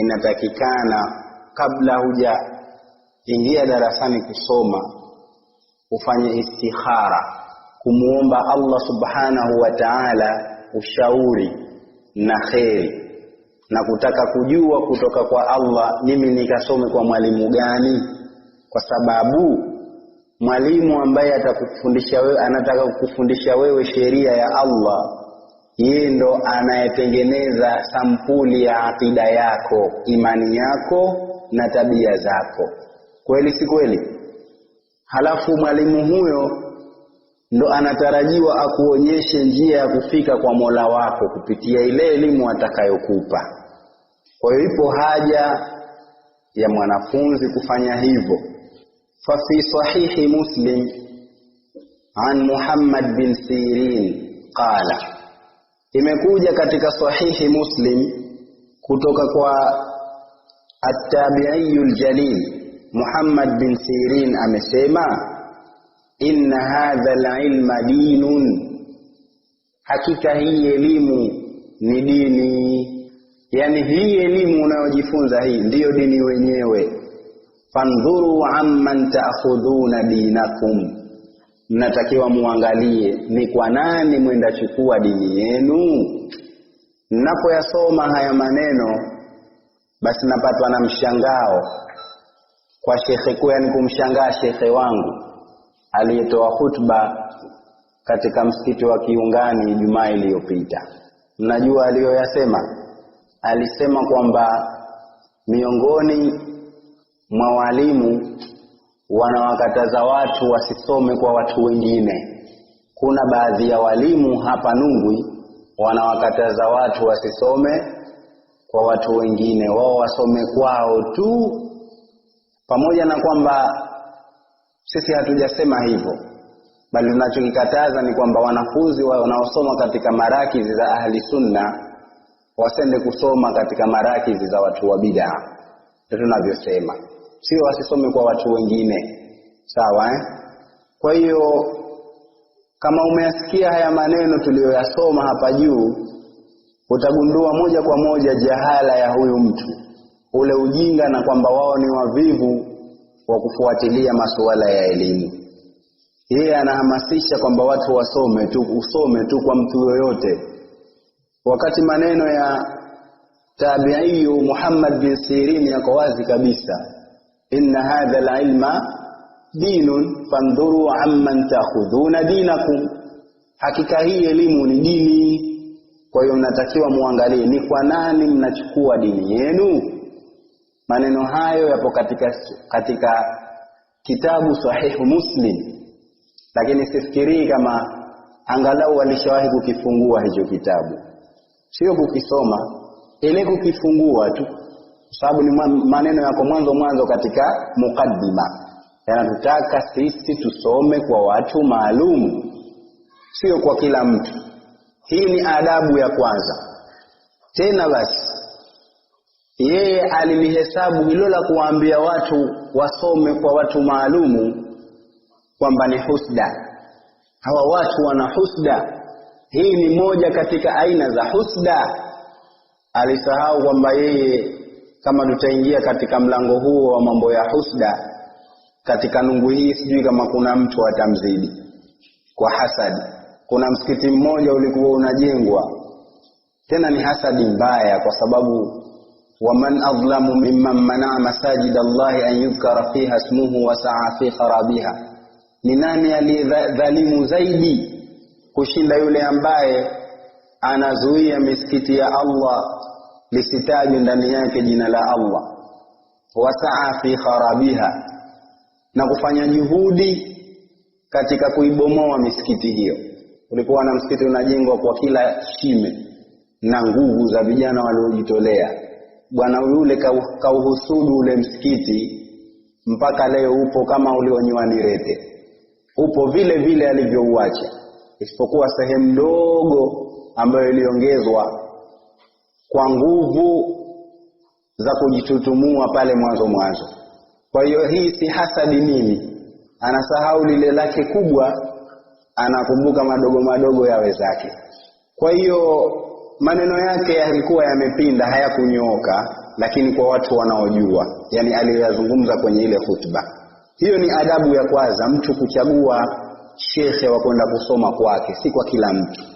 inatakikana kabla huja ingia darasani kusoma ufanye istikhara kumuomba Allah subhanahu wa ta'ala ushauri na kheri na kutaka kujua kutoka kwa Allah mimi nikasome kwa mwalimu gani kwa sababu mwalimu ambaye atakufundisha wewe anataka kukufundisha wewe sheria ya Allah yeye ndo anayetengeneza sampuli ya akida yako, imani yako na tabia zako. Kweli si kweli? Halafu mwalimu huyo ndo anatarajiwa akuonyeshe njia ya kufika kwa Mola wako kupitia ile elimu atakayokupa. Kwa hiyo ipo haja ya mwanafunzi kufanya hivyo. Fa fi sahihi Muslim an Muhammad bin Sirin qala imekuja katika sahihi Muslim kutoka kwa at-tabi'iyul jalil Muhammad bin Sirin amesema inna hadha al-ilma dinun, hakika hii elimu ni dini. Yani hii elimu unayojifunza hii ndiyo dini wenyewe. Fandhuru amman ta'khudhuna dinakum mnatakiwa muangalie ni kwa nani mwenda chukua dini yenu. Mnapoyasoma haya maneno, basi napatwa na mshangao kwa shekhe kuwa, yani kumshangaa shekhe wangu aliyetoa hutuba katika msikiti wa Kiungani Ijumaa iliyopita. Mnajua aliyoyasema? Alisema kwamba miongoni mwa walimu wanawakataza watu wasisome kwa watu wengine. Kuna baadhi ya walimu hapa Nungwi wanawakataza watu wasisome kwa watu wengine, wao wasome kwao tu, pamoja na kwamba sisi hatujasema hivyo, bali tunachokikataza ni kwamba wanafunzi wanaosoma katika marakizi za ahli sunna wasende kusoma katika marakizi za watu wa bid'a, ndio tunavyosema sio asisome kwa watu wengine sawa eh? kwa hiyo kama umeyasikia haya maneno tuliyoyasoma hapa juu utagundua moja kwa moja jahala ya huyu mtu ule ujinga na kwamba wao ni wavivu wa kufuatilia masuala ya elimu yeye anahamasisha kwamba watu wasome tu usome tu kwa mtu yoyote wakati maneno ya tabiiyu Muhammad bin Sirin yako wazi kabisa inna hadha alilma dinun fandhuru amman takhudhuna dinakum, hakika hii elimu ni dini, kwa hiyo mnatakiwa muangalie ni kwa nani mnachukua dini yenu. Maneno hayo yapo katika, katika kitabu Sahihu Muslim, lakini sifikirii kama angalau walishawahi kukifungua hicho kitabu, sio kukisoma, ile kukifungua tu sababu ni maneno yako mwanzo mwanzo katika mukaddima yanatutaka sisi tusome kwa watu maalum sio kwa kila mtu hii ni adabu ya kwanza tena basi yeye alilihesabu hilo la kuwaambia watu wasome kwa watu maalumu kwamba ni husda hawa watu wana husda hii ni moja katika aina za husda alisahau kwamba yeye kama tutaingia katika mlango huo wa mambo ya husda katika nungu hii, sijui kama kuna mtu atamzidi kwa hasadi. Kuna msikiti mmoja ulikuwa unajengwa, tena ni hasadi mbaya, kwa sababu waman adlamu mimman manaa masajid Allahi an yudhkara fiha smuhu wasaa fi kharabiha, ni nani aliyedhalimu zaidi kushinda yule ambaye anazuia misikiti ya Allah lisitajwe ndani yake jina la Allah, wasaa fi kharabiha, na kufanya juhudi katika kuibomoa misikiti hiyo. Ulikuwa na msikiti unajengwa kwa kila shime na nguvu za vijana waliojitolea. Bwana yule kauhusudu ule msikiti mpaka leo upo kama ulionyiwa ni rete, upo vile vile alivyouacha, isipokuwa sehemu ndogo ambayo iliongezwa kwa nguvu za kujitutumua pale mwanzo mwanzo. Kwa hiyo hii si hasadi nini, anasahau lile lake kubwa, anakumbuka madogo madogo ya wenzake. Kwa hiyo maneno yake yalikuwa yamepinda, hayakunyooka, lakini kwa watu wanaojua, yani aliyoyazungumza kwenye ile hutuba. Hiyo ni adabu ya kwanza, mtu kuchagua shekhe wa kwenda kusoma kwake, si kwa kila mtu.